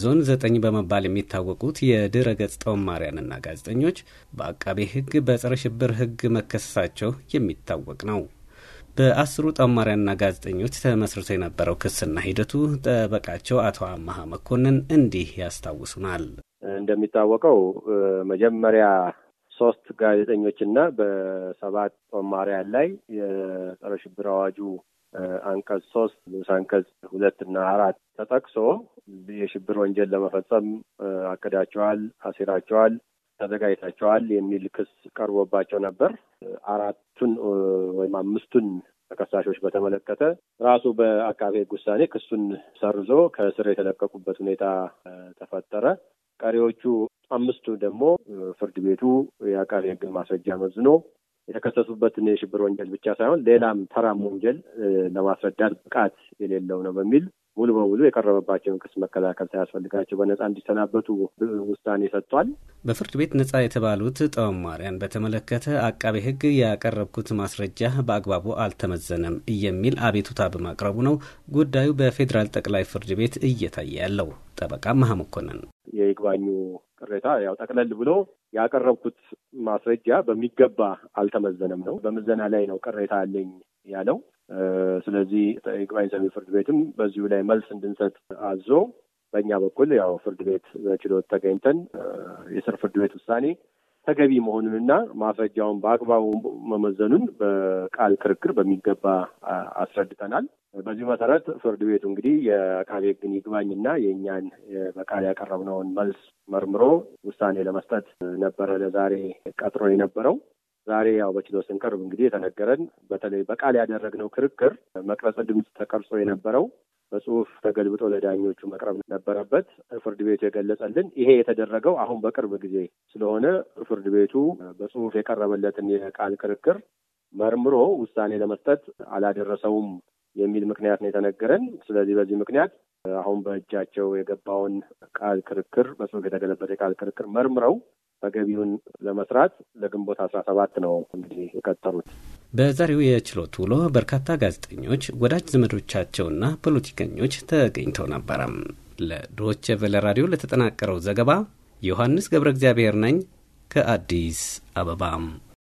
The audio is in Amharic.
ዞን ዘጠኝ በመባል የሚታወቁት የድረ ገጽ ተወማሪያንና ጋዜጠኞች በአቃቤ ሕግ በጸረ ሽብር ሕግ መከሰሳቸው የሚታወቅ ነው። በአስሩ ጦማሪያንና ጋዜጠኞች ተመስርቶ የነበረው ክስና ሂደቱ ጠበቃቸው አቶ አመሀ መኮንን እንዲህ ያስታውሱናል። እንደሚታወቀው መጀመሪያ ሶስት ጋዜጠኞች በሰባት ጦማሪያን ላይ የጸረ ሽብር አዋጁ አንቀጽ ሶስት ንዑስ አንቀጽ ሁለት እና አራት ተጠቅሶ የሽብር ወንጀል ለመፈጸም አቅዳቸዋል፣ አሲራቸዋል፣ ተዘጋጅታቸዋል የሚል ክስ ቀርቦባቸው ነበር። አራቱን ወይም አምስቱን ተከሳሾች በተመለከተ ራሱ በአቃቤ ሕግ ውሳኔ ክሱን ሰርዞ ከእስር የተለቀቁበት ሁኔታ ተፈጠረ። ቀሪዎቹ አምስቱ ደግሞ ፍርድ ቤቱ የአቃቤ ሕግን ማስረጃ መዝኖ የተከሰሱበትን የሽብር ወንጀል ብቻ ሳይሆን ሌላም ተራም ወንጀል ለማስረዳት ብቃት የሌለው ነው በሚል ሙሉ በሙሉ የቀረበባቸውን ክስ መከላከል ሳያስፈልጋቸው በነጻ እንዲሰናበቱ ውሳኔ ሰጥቷል። በፍርድ ቤት ነጻ የተባሉት ጠወም ማርያን በተመለከተ አቃቤ ሕግ ያቀረብኩት ማስረጃ በአግባቡ አልተመዘነም የሚል አቤቱታ በማቅረቡ ነው ጉዳዩ በፌዴራል ጠቅላይ ፍርድ ቤት እየታየ ያለው። ጠበቃ መሀ መኮንን የይግባኙ ቅሬታ ያው ጠቅለል ብሎ ያቀረብኩት ማስረጃ በሚገባ አልተመዘነም ነው፣ በምዘና ላይ ነው ቅሬታ ያለኝ ያለው ስለዚህ ይግባኝ ሰሚ ፍርድ ቤትም በዚሁ ላይ መልስ እንድንሰጥ አዞ በእኛ በኩል ያው ፍርድ ቤት በችሎት ተገኝተን የስር ፍርድ ቤት ውሳኔ ተገቢ መሆኑንና ማስረጃውን በአግባቡ መመዘኑን በቃል ክርክር በሚገባ አስረድተናል። በዚሁ መሰረት ፍርድ ቤቱ እንግዲህ የአቃቤ ሕግን ይግባኝና የእኛን በቃል ያቀረብነውን መልስ መርምሮ ውሳኔ ለመስጠት ነበረ ለዛሬ ቀጥሮ የነበረው። ዛሬ ያው በችሎት ስንቀርብ እንግዲህ የተነገረን በተለይ በቃል ያደረግነው ክርክር መቅረጸ ድምፅ ተቀርጾ የነበረው በጽሁፍ ተገልብጦ ለዳኞቹ መቅረብ ነበረበት። ፍርድ ቤቱ የገለጸልን ይሄ የተደረገው አሁን በቅርብ ጊዜ ስለሆነ ፍርድ ቤቱ በጽሁፍ የቀረበለትን የቃል ክርክር መርምሮ ውሳኔ ለመስጠት አላደረሰውም የሚል ምክንያት ነው የተነገረን። ስለዚህ በዚህ ምክንያት አሁን በእጃቸው የገባውን ቃል ክርክር በጽሁፍ የተገለበት የቃል ክርክር መርምረው ተገቢውን ለመስራት ለግንቦት አስራ ሰባት ነው እንግዲህ የቀጠሩት። በዛሬው የችሎት ውሎ በርካታ ጋዜጠኞች፣ ወዳጅ ዘመዶቻቸውና ፖለቲከኞች ተገኝተው ነበረም። ለዶች ቬለ ራዲዮ ለተጠናቀረው ዘገባ ዮሐንስ ገብረ እግዚአብሔር ነኝ ከአዲስ አበባም